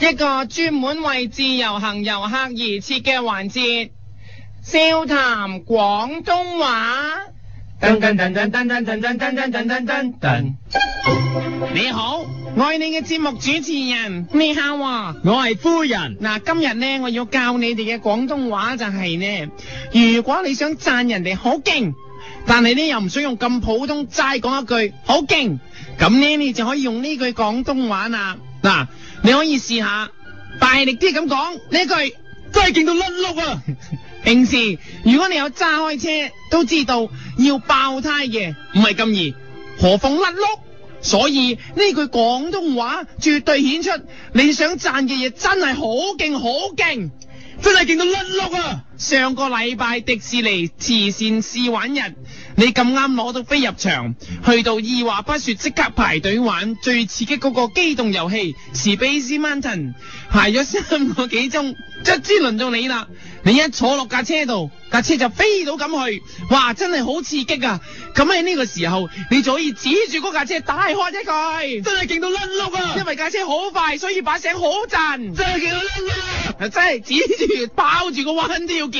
一個專門為自由行遊客而設嘅環節，笑談廣東話。你好，我係你嘅節目主持人，你好啊，我係夫人。嗱，今日呢，我要教你哋嘅廣東話就係呢：如果你想讚人哋好勁，但係呢又唔想用咁普通齋講一句好勁，咁呢你就可以用呢句廣東話啦，嗱。你可以試下大力啲咁講呢句，真係勁到甩轆啊！ 平時如果你有揸開車，都知道要爆胎嘅唔係咁易，何況甩轆，所以呢句廣東話絕對顯出你想賺嘅嘢真係好勁，好勁，真係勁到甩轆啊！上個禮拜迪士尼慈善試玩日，你咁啱攞到飛入場，去到二話不說即刻排隊玩最刺激個機動遊戲，是 Space Mountain 排咗三個幾鐘，卒之輪到你啦！你一坐落架車度，架車就飛到咁去，哇！真係好刺激啊！咁喺呢個時候，你就可以指住架車大開一句，真係勁到甩碌啊！因為架車好快，所以把聲好震，真係勁到甩碌，真係指住包住個彎都叫，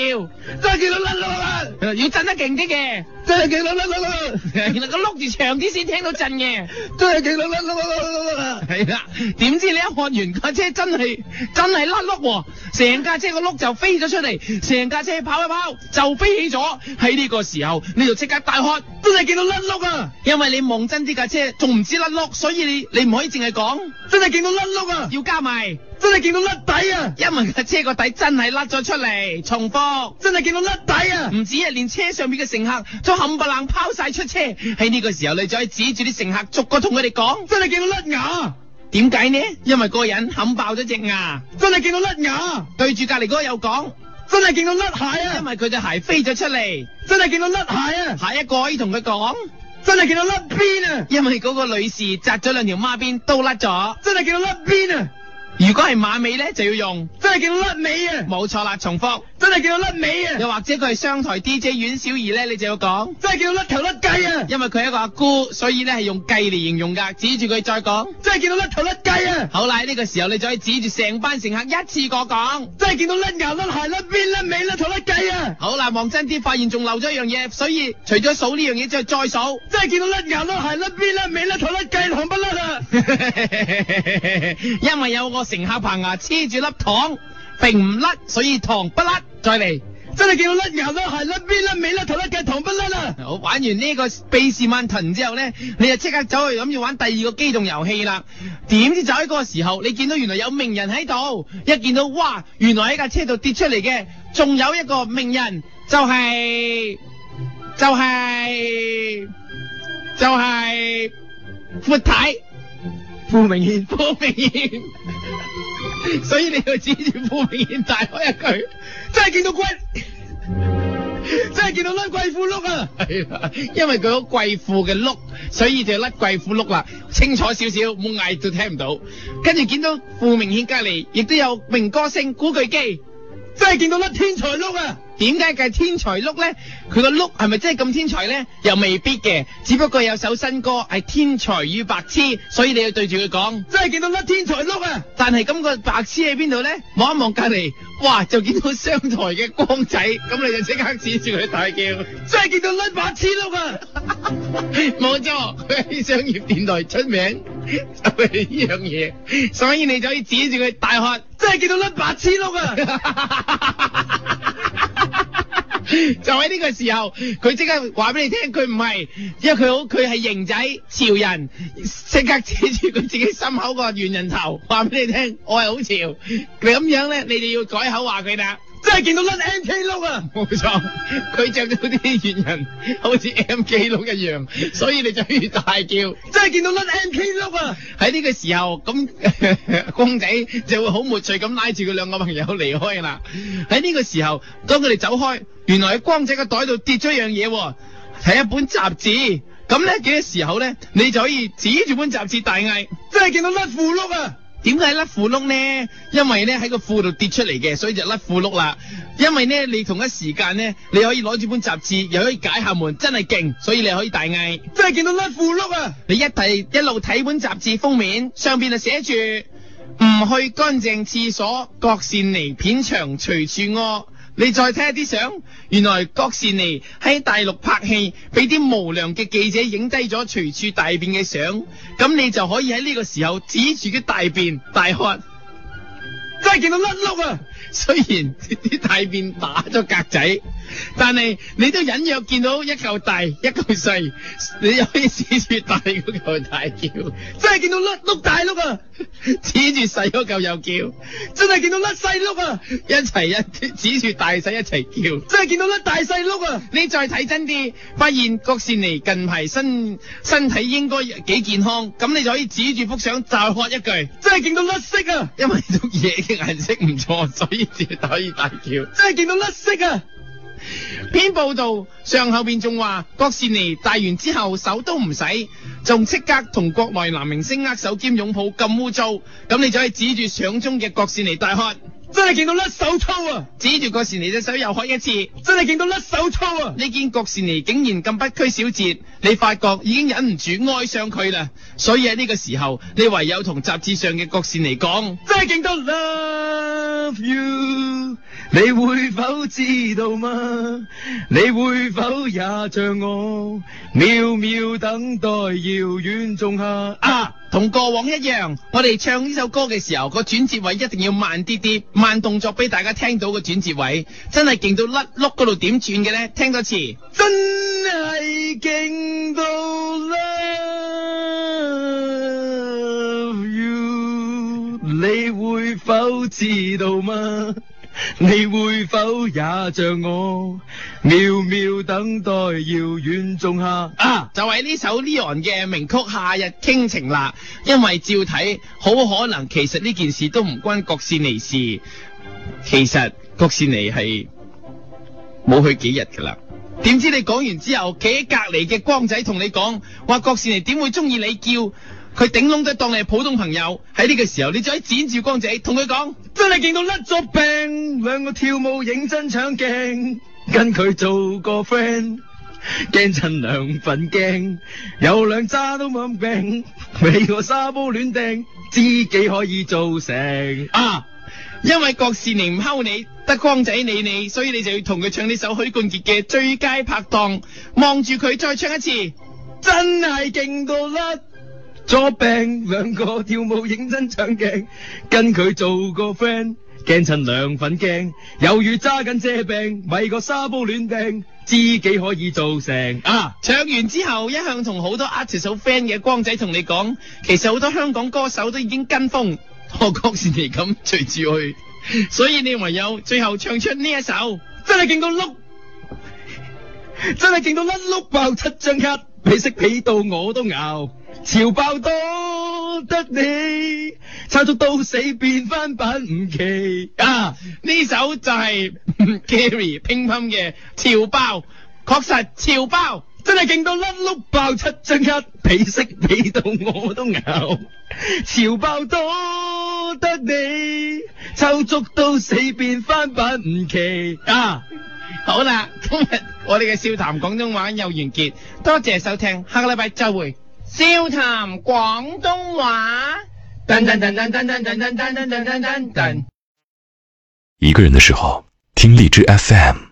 真係叫到甩轆啦！要震得勁啲嘅。真係勁到甩轆，原來個轆字長啲先聽到震嘅。真係勁到甩轆，係啦。點知你一看完架，車真係真係甩轆，成架車個轆就飛咗出嚟，成架車跑一跑就飛起咗。喺呢個時候你就即刻大喝，真係勁到甩轆啊！因為你望真啲架車仲唔止甩轆，所以你你唔可以淨係講真係勁到甩轆，要加埋真係勁到甩底啊！因為架車個底真係甩咗出嚟。重複，真係勁到甩底啊！唔止啊，連車上邊嘅乘客，冚唪唥拋晒出車，喺呢個時候你再指住啲乘客逐個同佢哋講，真係見到甩牙，點解呢？因為個人冚爆咗隻牙，真係見到甩牙。對住隔籬嗰個又講，真係見到甩鞋啊，因為佢隻鞋飛咗出嚟，真係見到甩鞋啊。下一個可以同佢講，真係見到甩邊啊，因為嗰個女士紮咗兩條孖辮都甩咗，真係見到甩邊啊。如果係馬尾咧就要用，真係見到甩尾啊，冇錯啦，重複。真係叫甩尾啊！又或者佢係商台 DJ 阮小儀咧，你就要講，真係叫甩頭甩雞啊！因為佢係一個阿姑，所以咧係用雞嚟形容噶。指住佢再講，真係見到甩頭甩雞啊！好啦，呢個時候你就可以指住成班乘客一次過講，真係見到甩牙甩鞋甩邊甩尾甩頭甩雞啊！好啦，望真啲發現仲漏咗一樣嘢，所以除咗數呢樣嘢之後再數，真係見到甩牙甩鞋甩邊甩尾甩頭甩雞糖不甩啊！因為有個乘客棚牙黐住粒糖，並唔甩，所以糖不甩。再嚟，真係見到甩油甩鞋甩邊甩尾甩頭甩腳糖不甩啊！我玩完呢個秘士曼騰之後咧，你就即刻走去諗住玩第二個機動遊戲啦。點知就喺嗰個時候，你見到原來有名人喺度，一見到哇，原來喺架車度跌出嚟嘅，仲有一個名人就係就係就係闊太傅明憲，傅明憲，所以你要指住傅明憲大開一句。真係見到貴， 真係見到甩貴婦碌啊！ 因為佢好貴婦嘅碌，所以就甩貴婦碌啦。清楚少少，冇嗌都聽唔到。跟住見到傅明憲隔籬，亦都有明歌星古巨基，真係見到甩天才碌啊！點解叫天才碌咧？佢個碌係咪真係咁天才咧？又未必嘅，只不過有首新歌係天才與白痴，所以你要對住佢講，真係見到粒天才碌啊！但係咁個白痴喺邊度咧？望一望隔籬，哇！就見到商台嘅光仔，咁你就即刻指住佢大叫，真係見到粒白痴碌啊！冇錯， 喺商業電台出名就係呢樣嘢，所以你就可以指住佢大喝。真係見到粒白痴碌啊！ 就喺呢個時候，佢即刻話俾你聽，佢唔係，因為佢好，佢係型仔潮人，即刻扯住佢自己心口個猿人頭，話俾你聽，我係好潮，咁樣咧，你哋要改口話佢啦。真係見到甩 M K 碌啊！冇錯， 佢着咗啲粵人，好似 M K 碌一樣，所以你就可以大叫。真係見到甩 M K 碌啊！喺呢個時候，咁光仔就會好沒趣咁拉住佢兩個朋友離開啦。喺呢個時候，當佢哋走開，原來喺光仔嘅袋度跌咗一樣嘢，係一本雜誌。咁咧，幾多時候咧，你就可以指住本雜誌大嗌，真係見到甩副碌啊！點解甩褲碌呢？因為呢，喺個褲度跌出嚟嘅，所以就甩褲碌啦。因為呢，你同一時間呢，你可以攞住本雜誌，又可以解下門，真係勁，所以你可以大嗌，真係勁到甩褲碌啊！你一睇一路睇本雜誌封面，上邊就寫住唔去乾淨廁所，角善尼片牆隨處屙、呃。你再睇一啲相，原來郭士尼喺大陸拍戲，俾啲無良嘅記者影低咗隨處大便嘅相，咁你就可以喺呢個時候指住佢大便大喝，真係見到甩轆啊！雖然啲大便打咗格仔，但係你都隱約見到一嚿大，一嚿細，你可以指住大嗰嚿大叫，真係見到甩碌大碌啊！指住細嗰嚿又叫，真係見到甩細碌啊！一齊一指住大細一齊叫，真係見到甩大細碌啊！你再睇真啲，發現郭善妮近排身身體應該幾健康，咁你就可以指住幅相就喝一句，真係見到甩色啊！因為呢種嘢嘅顏色唔錯。呢次可以大叫， 真係見到甩色啊！篇 報道上後邊仲話，郭士尼戴完之後手都唔洗，仲即刻同國內男明星握手兼擁抱，咁污糟，咁你就可以指住相中嘅郭士尼大喝。真係勁到甩手抽啊！指住郭善尼隻手又開一次，真係勁到甩手抽啊！你見郭善尼竟然咁不拘小節，你發覺已經忍唔住愛上佢啦，所以喺呢個時候，你唯有同雜誌上嘅郭善尼講，真係勁到 love you! 你會否知道嗎？你會否也像我，渺渺等待遙遠仲下？啊！同過往一樣，我哋唱呢首歌嘅時候，個轉接位一定要慢啲啲，慢動作俾大家聽到、個轉接位，真係勁到甩碌嗰度點轉嘅呢？聽多次，真係勁到甩。You，你會否知道嗎？你會否也像我，渺渺等待遙遠仲夏？啊，就係、是、呢首 Leon 嘅名曲《夏日傾情》啦。因為照睇，好可能其實呢件事都唔關郭羨妮事。其實郭羨妮係冇去幾日噶啦。點知你講完之後，企喺隔籬嘅光仔同你講，話郭羨妮點會中意你叫？佢頂籠仔當你係普通朋友，喺呢個時候你就喺剪住光仔同佢講，真係勁到甩咗病，兩個跳舞認真搶鏡，跟佢做個 friend，驚趁兩份驚，有兩揸都冇病，你我沙煲亂掟，知己可以做成啊！因為郭士寧唔敲你，得光仔理你，你，所以你就要同佢唱呢首許冠傑嘅最佳拍檔，望住佢再唱一次，真係勁到甩。咗病，兩個跳舞認真搶鏡，跟佢做個 friend，鏡襯兩份鏡，猶豫揸緊遮柄，咪個沙煲亂掟，知己可以做成啊！唱完之後，一向同好多 artist 做 friend 嘅光仔同你講，其實好多香港歌手都已經跟風，學郭士奇咁隨住去，所以你唯有最後唱出呢一首，真係勁到碌，真係勁到甩轆爆七張卡，畀色畀到我都咬。潮爆多得你抽足到死變翻品唔奇啊！呢首就係、是、 Gary 乒乓嘅潮爆，確實潮爆真係勁到甩轆爆七真一皮色比到我都嘔。 潮爆多得你抽足到死變翻品唔奇啊！好啦，今日我哋嘅笑談廣東話又完結，多謝收聽，下個禮拜周會。笑談廣東話，一個人的時候，聽荔枝 FM。